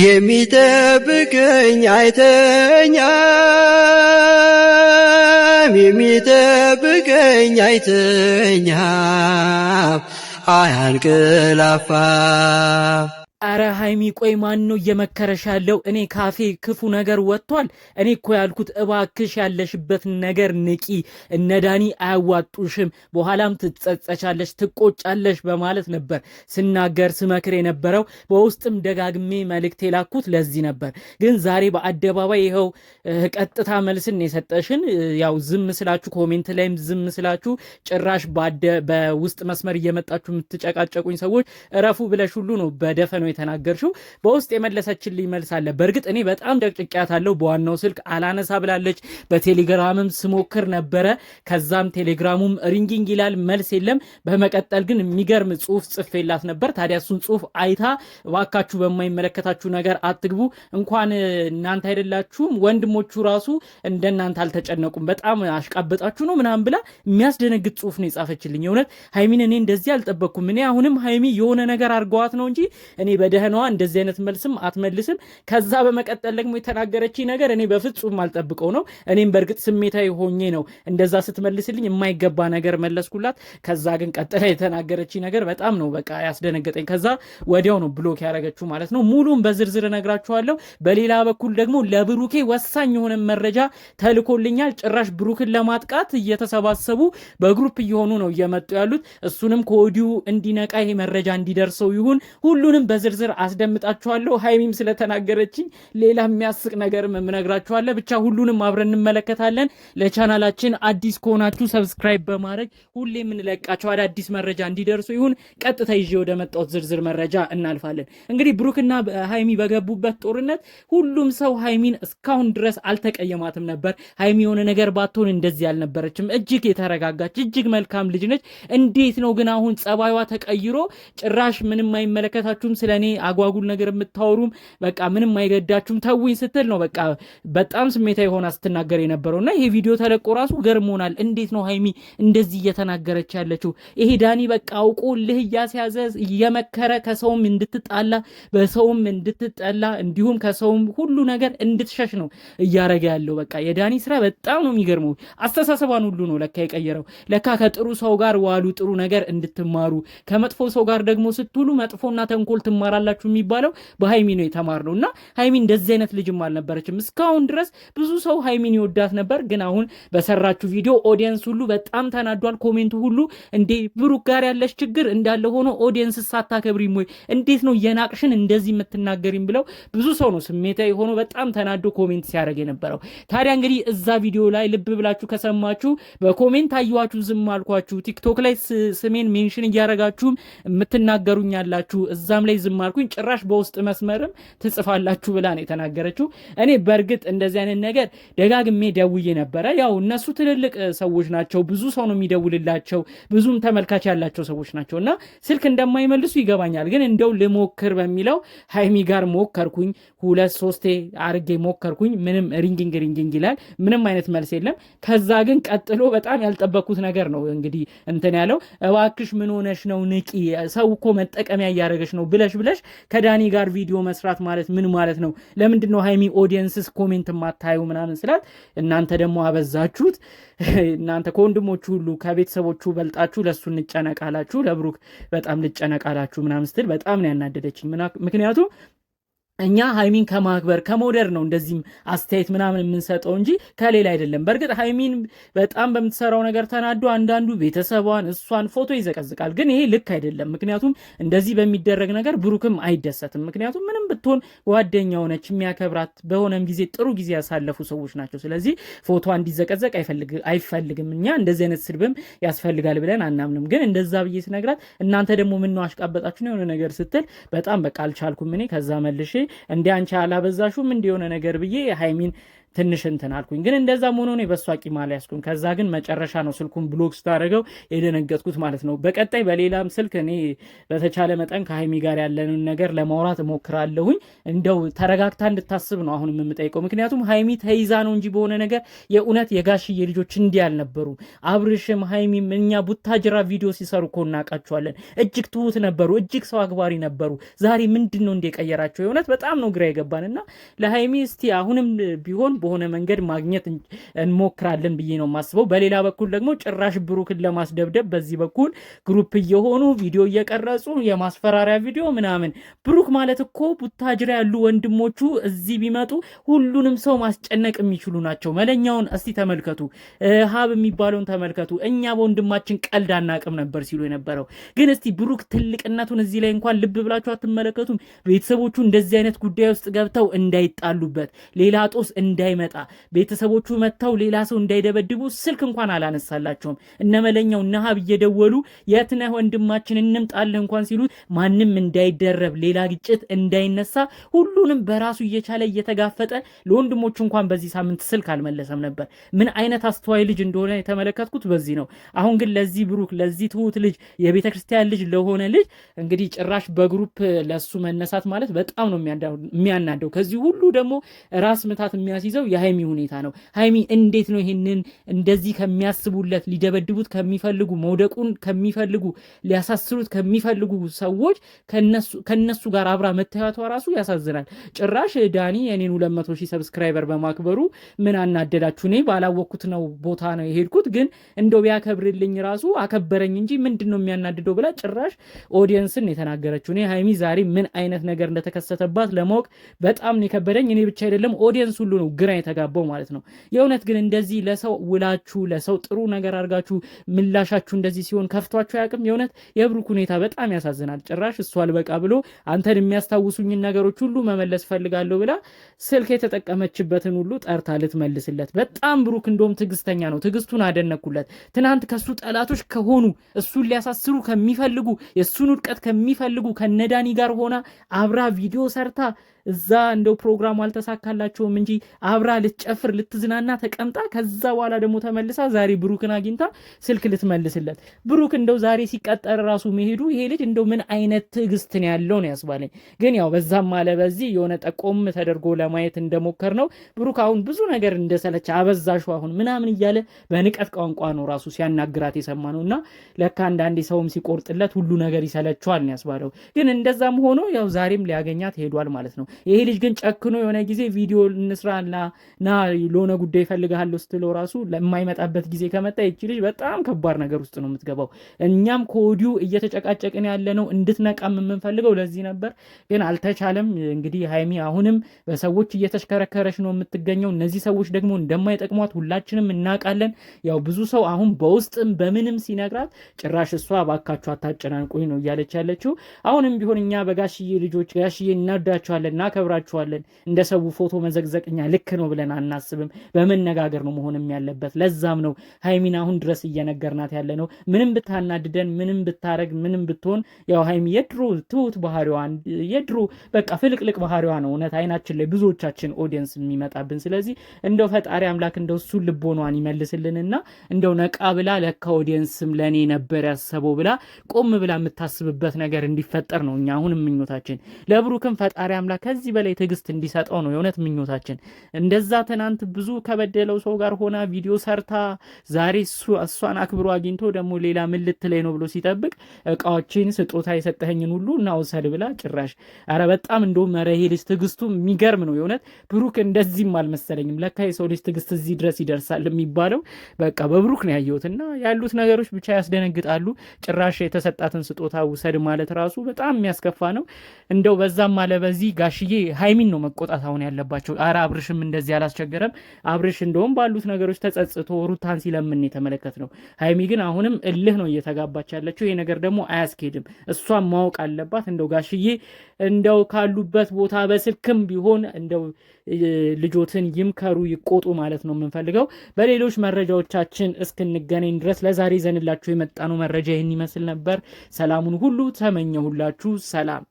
የሚጠብቀኝ አይተኛም፣ የሚጠብቀኝ አይተኛም፣ አያንቀላፋም። አረ ሀይሚ ቆይ ማን ነው እየመከረሽ ያለው? እኔ ካፌ ክፉ ነገር ወጥቷል። እኔ እኮ ያልኩት እባክሽ ያለሽበት ነገር ንቂ፣ እነ ዳኒ አያዋጡሽም፣ በኋላም ትጸጸቻለሽ፣ ትቆጫለሽ በማለት ነበር ስናገር ስመክር የነበረው። በውስጥም ደጋግሜ መልእክት የላኩት ለዚህ ነበር። ግን ዛሬ በአደባባይ ይኸው ቀጥታ መልስን የሰጠሽን። ያው ዝም ስላችሁ፣ ኮሜንት ላይም ዝም ስላችሁ፣ ጭራሽ በውስጥ መስመር እየመጣችሁ የምትጨቃጨቁኝ ሰዎች እረፉ ብለሽ ሁሉ ነው በደፈነው የተናገርሽው በውስጥ የመለሰችልኝ መልስ አለ። በእርግጥ እኔ በጣም ጨቅጭቅያታለሁ። በዋናው ስልክ አላነሳ ብላለች። በቴሌግራምም ስሞክር ነበረ። ከዛም ቴሌግራሙም ሪንጊንግ ይላል፣ መልስ የለም። በመቀጠል ግን የሚገርም ጽሁፍ ጽፌላት ነበር። ታዲያ እሱን ጽሁፍ አይታ እባካችሁ በማይመለከታችሁ ነገር አትግቡ፣ እንኳን እናንተ አይደላችሁም ወንድሞቹ ራሱ እንደናንተ አልተጨነቁም፣ በጣም አሽቃበጣችሁ ነው ምናምን ብላ የሚያስደነግጥ ጽሁፍ ነው የጻፈችልኝ። እውነት ሀይሚን እኔ እንደዚህ አልጠበቅኩም። እኔ አሁንም ሀይሚ የሆነ ነገር አድርገዋት ነው እንጂ እኔ በደህናዋ እንደዚህ አይነት መልስም አትመልስም። ከዛ በመቀጠል ደግሞ የተናገረችኝ ነገር እኔ በፍጹም አልጠብቀው ነው። እኔም በእርግጥ ስሜታዊ ሆኜ ነው እንደዛ ስትመልስልኝ የማይገባ ነገር መለስኩላት። ከዛ ግን ቀጥላ የተናገረችኝ ነገር በጣም ነው በቃ ያስደነገጠኝ። ከዛ ወዲያው ነው ብሎክ ያደረገችው ማለት ነው። ሙሉም በዝርዝር እነግራችኋለሁ። በሌላ በኩል ደግሞ ለብሩኬ ወሳኝ የሆነ መረጃ ተልኮልኛል። ጭራሽ ብሩክን ለማጥቃት እየተሰባሰቡ በግሩፕ እየሆኑ ነው እየመጡ ያሉት። እሱንም ከወዲሁ እንዲነቃ ይሄ መረጃ እንዲደርሰው ይሁን ሁሉንም በዝር በዝርዝር አስደምጣችኋለሁ። ሀይሚም ስለተናገረችኝ ሌላ የሚያስቅ ነገር የምነግራችኋለሁ። ብቻ ሁሉንም አብረን እንመለከታለን። ለቻናላችን አዲስ ከሆናችሁ ሰብስክራይብ በማድረግ ሁሌ የምንለቃቸው አዳዲስ መረጃ እንዲደርሱ ይሁን። ቀጥታ ይዤ ወደ መጣሁት ዝርዝር መረጃ እናልፋለን። እንግዲህ ብሩክና ሀይሚ በገቡበት ጦርነት ሁሉም ሰው ሀይሚን እስካሁን ድረስ አልተቀየማትም ነበር። ሀይሚ የሆነ ነገር ባትሆን እንደዚህ አልነበረችም። እጅግ የተረጋጋች እጅግ መልካም ልጅ ነች። እንዴት ነው ግን አሁን ጸባይዋ ተቀይሮ ጭራሽ ምንም አይመለከታችሁም ስለ ለእኔ አጓጉል ነገር የምታወሩም በቃ ምንም አይገዳችሁም ተውኝ ስትል ነው በቃ በጣም ስሜታ የሆና ስትናገር የነበረው እና ይሄ ቪዲዮ ተለቆ ራሱ ገርሞናል። እንዴት ነው ሀይሚ እንደዚህ እየተናገረች ያለችው? ይሄ ዳኒ በቃ አውቆ ልህ እያስያዘ እየመከረ ከሰውም እንድትጣላ በሰውም እንድትጠላ እንዲሁም ከሰውም ሁሉ ነገር እንድትሸሽ ነው እያረገ ያለው። በቃ የዳኒ ስራ በጣም ነው የሚገርመው። አስተሳሰቧን ሁሉ ነው ለካ የቀየረው። ለካ ከጥሩ ሰው ጋር ዋሉ ጥሩ ነገር እንድትማሩ፣ ከመጥፎ ሰው ጋር ደግሞ ስትውሉ መጥፎና ተንኮል ትማሩ ትማራላችሁ የሚባለው በሀይሚ ነው የተማርነው እና ሀይሚ እንደዚህ አይነት ልጅም አልነበረችም። እስካሁን ድረስ ብዙ ሰው ሀይሚን ይወዳት ነበር፣ ግን አሁን በሰራችሁ ቪዲዮ ኦዲየንስ ሁሉ በጣም ተናዷል። ኮሜንቱ ሁሉ እንዴ ብሩክ ጋር ያለች ችግር እንዳለ ሆኖ ኦዲየንስ ሳታከብሪም ወይ እንዴት ነው የናቅሽን እንደዚህ የምትናገሪም ብለው ብዙ ሰው ነው ስሜታ ሆኖ በጣም ተናዶ ኮሜንት ሲያደርግ የነበረው። ታዲያ እንግዲህ እዛ ቪዲዮ ላይ ልብ ብላችሁ ከሰማችሁ በኮሜንት አየኋችሁ፣ ዝም አልኳችሁ፣ ቲክቶክ ላይ ስሜን ሜንሽን እያደረጋችሁም የምትናገሩኛላችሁ እዛም ላይ ዝም አልወድም አልኩኝ፣ ጭራሽ በውስጥ መስመርም ትጽፋላችሁ ብላ ነው የተናገረችው። እኔ በእርግጥ እንደዚህ አይነት ነገር ደጋግሜ ደውዬ ነበረ። ያው እነሱ ትልልቅ ሰዎች ናቸው፣ ብዙ ሰው ነው የሚደውልላቸው፣ ብዙም ተመልካች ያላቸው ሰዎች ናቸው እና ስልክ እንደማይመልሱ ይገባኛል። ግን እንደው ልሞክር በሚለው ሀይሚ ጋር ሞከርኩኝ። ሁለት ሶስቴ አርጌ ሞከርኩኝ። ምንም ሪንግንግ ሪንግንግ ይላል፣ ምንም አይነት መልስ የለም። ከዛ ግን ቀጥሎ በጣም ያልጠበቅኩት ነገር ነው እንግዲህ እንትን ያለው እባክሽ ምን ሆነሽ ነው ንቂ፣ ሰው እኮ መጠቀሚያ እያደረገች ነው ብለሽ ብለሽ ከዳኒ ጋር ቪዲዮ መስራት ማለት ምን ማለት ነው? ለምንድን ነው ሃይሚ ኦዲየንስስ ኮሜንት ማታዩ ምናምን ስላት፣ እናንተ ደግሞ አበዛችሁት። እናንተ ከወንድሞቹ ሁሉ ከቤተሰቦቹ በልጣችሁ ለእሱ እንጨነቃላችሁ፣ ለብሩክ በጣም ልጨነቃላችሁ ምናምን ስትል በጣም ነው ያናደደችኝ። ምክንያቱም እኛ ሀይሚን ከማክበር ከሞደር ነው እንደዚህም አስተያየት ምናምን የምንሰጠው እንጂ ከሌላ አይደለም። በእርግጥ ሀይሚን በጣም በምትሰራው ነገር ተናዶ አንዳንዱ ቤተሰቧን እሷን ፎቶ ይዘቀዝቃል፣ ግን ይሄ ልክ አይደለም። ምክንያቱም እንደዚህ በሚደረግ ነገር ብሩክም አይደሰትም። ምክንያቱም ምንም ብትሆን ጓደኛው ሆነች የሚያከብራት፣ በሆነም ጊዜ ጥሩ ጊዜ ያሳለፉ ሰዎች ናቸው። ስለዚህ ፎቶ እንዲዘቀዘቅ አይፈልግም። እኛ እንደዚህ አይነት ስድብም ያስፈልጋል ብለን አናምንም። ግን እንደዛ ብዬ ስነግራት እናንተ ደግሞ ምነው አሽቃበጣችሁ የሆነ ነገር ስትል በጣም በቃ አልቻልኩም እኔ ከዛ መልሼ እንደ አንቺ አላበዛሹም እንዲሆነ ነገር ብዬ ሀይሚን ትንሽ እንትን አልኩኝ። ግን እንደዛም ሆኖ ነው በሷ ቂም ያስኩኝ። ከዛ ግን መጨረሻ ነው ስልኩን ብሎክ ስታደርገው የደነገጥኩት ማለት ነው። በቀጣይ በሌላም ስልክ እኔ በተቻለ መጠን ከሀይሚ ጋር ያለንን ነገር ለማውራት እሞክራለሁኝ። እንደው ተረጋግታ እንድታስብ ነው አሁን የምጠይቀው። ምክንያቱም ሀይሚ ተይዛ ነው እንጂ በሆነ ነገር የእውነት የጋሽዬ ልጆች እንዲህ አልነበሩ። አብርሽም ሀይሚም እኛ ቡታጅራ ቪዲዮ ሲሰሩ እኮ እናውቃቸዋለን። እጅግ ትሁት ነበሩ፣ እጅግ ሰው አግባሪ ነበሩ። ዛሬ ምንድን ነው እንደቀየራቸው የእውነት በጣም ነው ግራ የገባን እና ለሀይሚ እስቲ አሁንም ቢሆን በሆነ መንገድ ማግኘት እንሞክራለን ብዬ ነው የማስበው። በሌላ በኩል ደግሞ ጭራሽ ብሩክን ለማስደብደብ በዚህ በኩል ግሩፕ እየሆኑ ቪዲዮ እየቀረጹ የማስፈራሪያ ቪዲዮ ምናምን። ብሩክ ማለት እኮ ቡታጅራ ያሉ ወንድሞቹ እዚህ ቢመጡ ሁሉንም ሰው ማስጨነቅ የሚችሉ ናቸው። መለኛውን እስቲ ተመልከቱ፣ ሀብ የሚባለውን ተመልከቱ። እኛ በወንድማችን ቀልድ አናቅም ነበር ሲሉ የነበረው ግን እስቲ ብሩክ ትልቅነቱን እዚህ ላይ እንኳን ልብ ብላችሁ አትመለከቱም? ቤተሰቦቹ እንደዚህ አይነት ጉዳይ ውስጥ ገብተው እንዳይጣሉበት ሌላ ጦስ እንዳይ እንዳይመጣ ቤተሰቦቹ መጥተው ሌላ ሰው እንዳይደበድቡ ስልክ እንኳን አላነሳላቸውም። እነመለኛው ነሀብ እየደወሉ የት ነህ ወንድማችን እንምጣልህ እንኳን ሲሉት ማንም እንዳይደረብ ሌላ ግጭት እንዳይነሳ ሁሉንም በራሱ እየቻለ እየተጋፈጠ ለወንድሞቹ እንኳን በዚህ ሳምንት ስልክ አልመለሰም ነበር። ምን አይነት አስተዋይ ልጅ እንደሆነ የተመለከትኩት በዚህ ነው። አሁን ግን ለዚህ ብሩክ ለዚህ ትሁት ልጅ የቤተ ክርስቲያን ልጅ ለሆነ ልጅ እንግዲህ ጭራሽ በግሩፕ ለሱ መነሳት ማለት በጣም ነው የሚያናደው። ከዚህ ሁሉ ደግሞ ራስ ምታት የሚያስይዘው ያለው የሀይሚ ሁኔታ ነው። ሀይሚ እንዴት ነው ይህንን እንደዚህ ከሚያስቡለት ሊደበድቡት ከሚፈልጉ መውደቁን ከሚፈልጉ ሊያሳስሩት ከሚፈልጉ ሰዎች ከነሱ ጋር አብራ መታየቷ ራሱ ያሳዝናል። ጭራሽ ዳኒ የኔን ሁለት መቶ ሺህ ሰብስክራይበር በማክበሩ ምን አናደዳችሁ? እኔ ባላወቅኩት ነው ቦታ ነው የሄድኩት፣ ግን እንደው ቢያከብርልኝ ራሱ አከበረኝ እንጂ ምንድን ነው የሚያናድደው ብላ ጭራሽ ኦዲየንስን የተናገረችው። እኔ ሀይሚ ዛሬ ምን አይነት ነገር እንደተከሰተባት ለማወቅ በጣም ነው የከበደኝ። እኔ ብቻ አይደለም ኦዲየንስ ሁሉ ነው ግራ ግራ የተጋባው ማለት ነው። የእውነት ግን እንደዚህ ለሰው ውላችሁ ለሰው ጥሩ ነገር አድርጋችሁ ምላሻችሁ እንደዚህ ሲሆን ከፍቷችሁ አያውቅም? የእውነት የብሩክ ሁኔታ በጣም ያሳዝናል። ጭራሽ እሱ አልበቃ ብሎ አንተን የሚያስታውሱኝን ነገሮች ሁሉ መመለስ ፈልጋለሁ ብላ ስልክ የተጠቀመችበትን ሁሉ ጠርታ ልትመልስለት በጣም ብሩክ እንደውም ትዕግስተኛ ነው። ትዕግስቱን አደነኩለት። ትናንት ከሱ ጠላቶች ከሆኑ እሱን ሊያሳስሩ ከሚፈልጉ የእሱን ውድቀት ከሚፈልጉ ከነዳኒ ጋር ሆና አብራ ቪዲዮ ሰርታ እዛ እንደው ፕሮግራሙ አልተሳካላቸውም እንጂ አብራ ልትጨፍር ልትዝናና ተቀምጣ ከዛ በኋላ ደግሞ ተመልሳ ዛሬ ብሩክን አግኝታ ስልክ ልትመልስለት ብሩክ እንደው ዛሬ ሲቀጠር ራሱ መሄዱ ይሄ ልጅ እንደው ምን አይነት ትዕግስት ነው ያለው ነው ያስባለኝ። ግን ያው በዛም አለ በዚህ የሆነ ጠቆም ተደርጎ ለማየት እንደሞከር ነው ብሩክ አሁን ብዙ ነገር እንደሰለች አበዛሹ አሁን ምናምን እያለ በንቀት ቋንቋ ነው ራሱ ሲያናግራት የሰማ ነው እና ለካ አንዳንዴ ሰውም ሲቆርጥለት ሁሉ ነገር ይሰለችዋል ነው ያስባለው። ግን እንደዛም ሆኖ ያው ዛሬም ሊያገኛት ሄዷል ማለት ነው። ይሄ ልጅ ግን ጨክኖ የሆነ ጊዜ ቪዲዮ እንስራ ና ለሆነ ጉዳይ እፈልግሃለሁ ስትለው ራሱ ለማይመጣበት ጊዜ ከመጣ ይቺ ልጅ በጣም ከባድ ነገር ውስጥ ነው የምትገባው። እኛም ከወዲሁ እየተጨቃጨቅን ያለ ነው እንድትነቃም የምንፈልገው ለዚህ ነበር፣ ግን አልተቻለም። እንግዲህ ሀይሚ አሁንም በሰዎች እየተሽከረከረች ነው የምትገኘው። እነዚህ ሰዎች ደግሞ እንደማይጠቅሟት ሁላችንም እናውቃለን። ያው ብዙ ሰው አሁን በውስጥም በምንም ሲነግራት ጭራሽ እሷ ባካችሁ አታጨናንቁኝ ነው እያለች ያለችው። አሁንም ቢሆን እኛ በጋሽዬ ልጆች ጋሽዬ እናዳችኋለን፣ እናከብራቸዋለን። እንደ ፎቶ መዘግዘቅኛ ልክ ነው ብለን አናስብም። በመነጋገር ነው መሆንም ያለበት። ለዛም ነው ሀይሚን አሁን ድረስ እየነገርናት ያለ ነው። ምንም ብታናድደን፣ ምንም ብታረግ፣ ምንም ብትሆን ያው ሀይሚ የድሮ ትሁት ባህሪዋ የድሮ በቃ ፍልቅልቅ ባህሪዋ ነው እውነት አይናችን ላይ ብዙዎቻችን ኦዲየንስ የሚመጣብን። ስለዚህ እንደው ፈጣሪ አምላክ እንደው እሱ ልቦኗን ይመልስልንና እንደው ነቃ ብላ ለካ ኦዲየንስም ለእኔ ነበር ያሰበው ብላ ቆም ብላ የምታስብበት ነገር እንዲፈጠር ነው እኛ አሁንም ምኞታችን። ለብሩክም ፈጣሪ አምላክ ከዚህ በላይ ትዕግስት እንዲሰጠው ነው የእውነት ምኞታችን። እንደዛ ትናንት ብዙ ከበደለው ሰው ጋር ሆና ቪዲዮ ሰርታ ዛሬ እሷን አክብሮ አግኝቶ ደግሞ ሌላ ምን ልትለይ ነው ብሎ ሲጠብቅ እቃዎችን ስጦታ የሰጠኸኝን ሁሉ እናውሰድ ብላ ጭራሽ አረ በጣም እንደውም ኧረ ይሄ ልጅ ትዕግስቱ የሚገርም ነው የእውነት ብሩክ እንደዚህም አልመሰለኝም ለካ የሰው ልጅ ትዕግስት እዚህ ድረስ ይደርሳል የሚባለው በቃ በብሩክ ነው ያየሁት እና ያሉት ነገሮች ብቻ ያስደነግጣሉ ጭራሽ የተሰጣትን ስጦታ ውሰድ ማለት ራሱ በጣም የሚያስከፋ ነው እንደው በዛም አለ በዚህ ጋሽዬ ሀይሚን ነው መቆጣት አሁን ያለባቸው አረ አብርሽም እንደዚህ አላስቸገረም። አብርሽ እንደውም ባሉት ነገሮች ተጸጽቶ ሩታን ሲለምን የተመለከት ነው። ሀይሚ ግን አሁንም እልህ ነው እየተጋባች ያለችው። ይሄ ነገር ደግሞ አያስኬድም። እሷን ማወቅ አለባት። እንደው ጋሽዬ እንደው ካሉበት ቦታ በስልክም ቢሆን እንደው ልጆትን ይምከሩ ይቆጡ ማለት ነው የምንፈልገው። በሌሎች መረጃዎቻችን እስክንገናኝ ድረስ ለዛሬ ዘንላችሁ የመጣነው መረጃ ይህን ይመስል ነበር። ሰላሙን ሁሉ ተመኘሁላችሁ። ሰላም